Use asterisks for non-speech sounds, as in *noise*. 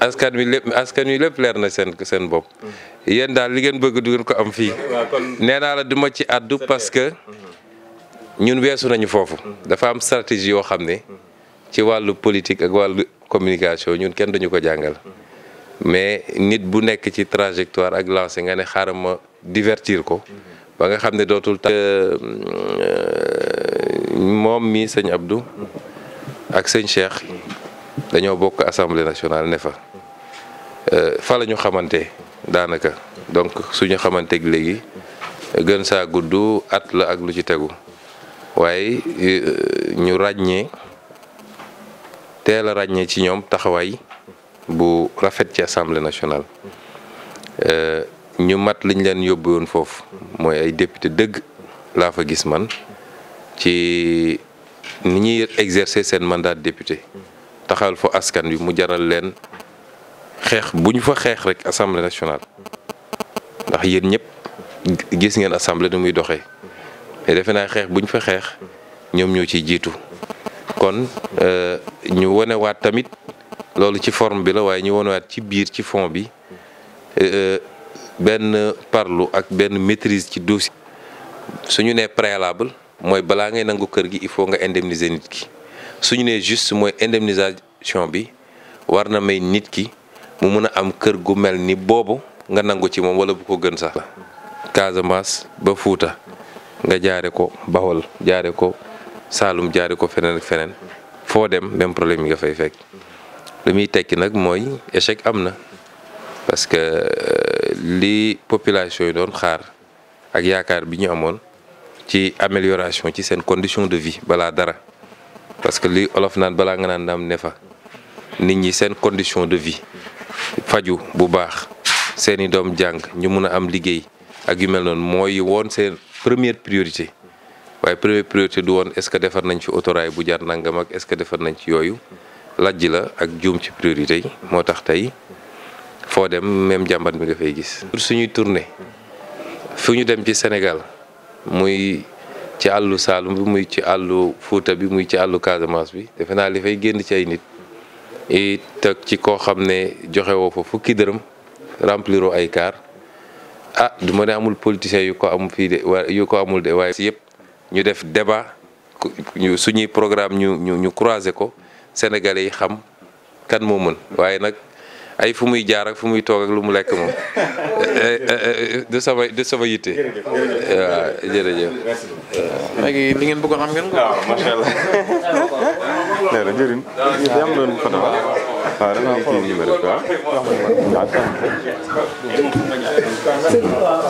askan wi lépp askan wi lépp leer na seen seen bopp yéen daal li ngeen bëgg du ngeen ko am fii nee naa la duma ci àddu parce que ñun weesu nañu foofu dafa am stratégie yoo xam ne ci wàllu politique ak wàllu communication ñun kenn dañu ko jàngal mais nit bu nekk ci trajectoire ak lancé nga ne xaaral ma divertir ko ba nga xam ne dootul ta euh, moom mi sëñ Abdou ak sëñ Cheikh dañoo bokk assemblée nationale ne fa euh, fa la ñu xamante daanaka donc suñu xamanteeg léegi gën saa gudd at la ak lu ci tegu waaye euh, ñu ràññee teel a ràññee ci ñoom taxawaay bu rafet ci assemblée nationale euh, ñu mat liñ leen yóbbu foofu mooy ay député dëgg laa fa gis man ci ni ñuy exercer seen mandat de député. taxal fa askan wi mu jaral leen xeex bu ñu fa xeex rek assemblée nationale ndax yéen ñëpp gis ngeen assemblée ni muy doxee te defe naa xeex bu ñu fa xeex ñoom ñoo ciy jiitu kon euh, ñu wonewaat tamit loolu ci forme bi la waaye ñu wonewaat ci biir ci fond bi euh, benn parlu ak benn maîtrise ci dossier. suñu ñu nee préalable mooy balaa ngay nangu kër gi il faut nga indemniser nit ki. suñu nee juste mooy indemnisation bi war na may nit ki mu mun a am kër gu mel ni boobu nga nangu ci moom wala bu ko gën sax. Casamance ba Fuuta nga jaare ko Bawol jaare ko Saalum jaare ko feneen ak feneen foo dem même problème yi nga fay fekk lu muy tekki nag mooy échec am na parce que euh, li population yi doon xaar ak yaakaar bi ñu amoon ci amélioration ci seen condition de vie balaa dara. parce que li olof naan balaa nga naan daam ne fa nit ñi seen condition de vie faju bu baax seeni doom jàng ñu mun a am liggéey ak yu mel noonu mooy woon seen première priorité waaye première priorité du woon est-ce que defar nañ fi autorail bu jaar nangam ak est-ce que defar nañ ci yooyu lajj la ak juum ci priorité yi moo tax tey foo dem même jàmbat mi nga fay gis. suñuy tournée fu ñu dem ci Sénégal muy. ci àllu Saalum bi muy ci àllu Fuuta bi muy ci àllu Casamance bi defe naa li fay génn ci ay nit it teg ci koo xam ne joxe woo fa fukki dërëm remplir ay kaar ah du ma ne amul politiciens yu ko am fii de yu ko amul de waaye si yëpp ñu def débat suñuy programme ñu ñu ñu croiser ko sénégalais yi xam kan moo mën waaye nag. ay fu muy jaar ak fu muy toog lu mu lekk moom *laughs* eh, eh, eh, du sama du sama yitte. jërëjëf jërëjëf waaw li ngeen bëgg am ngeen ko. waaw macha allah. *laughs* nee na jëriñ yaa ngi doon Fatal waaw da nga kii numéro bi waaw.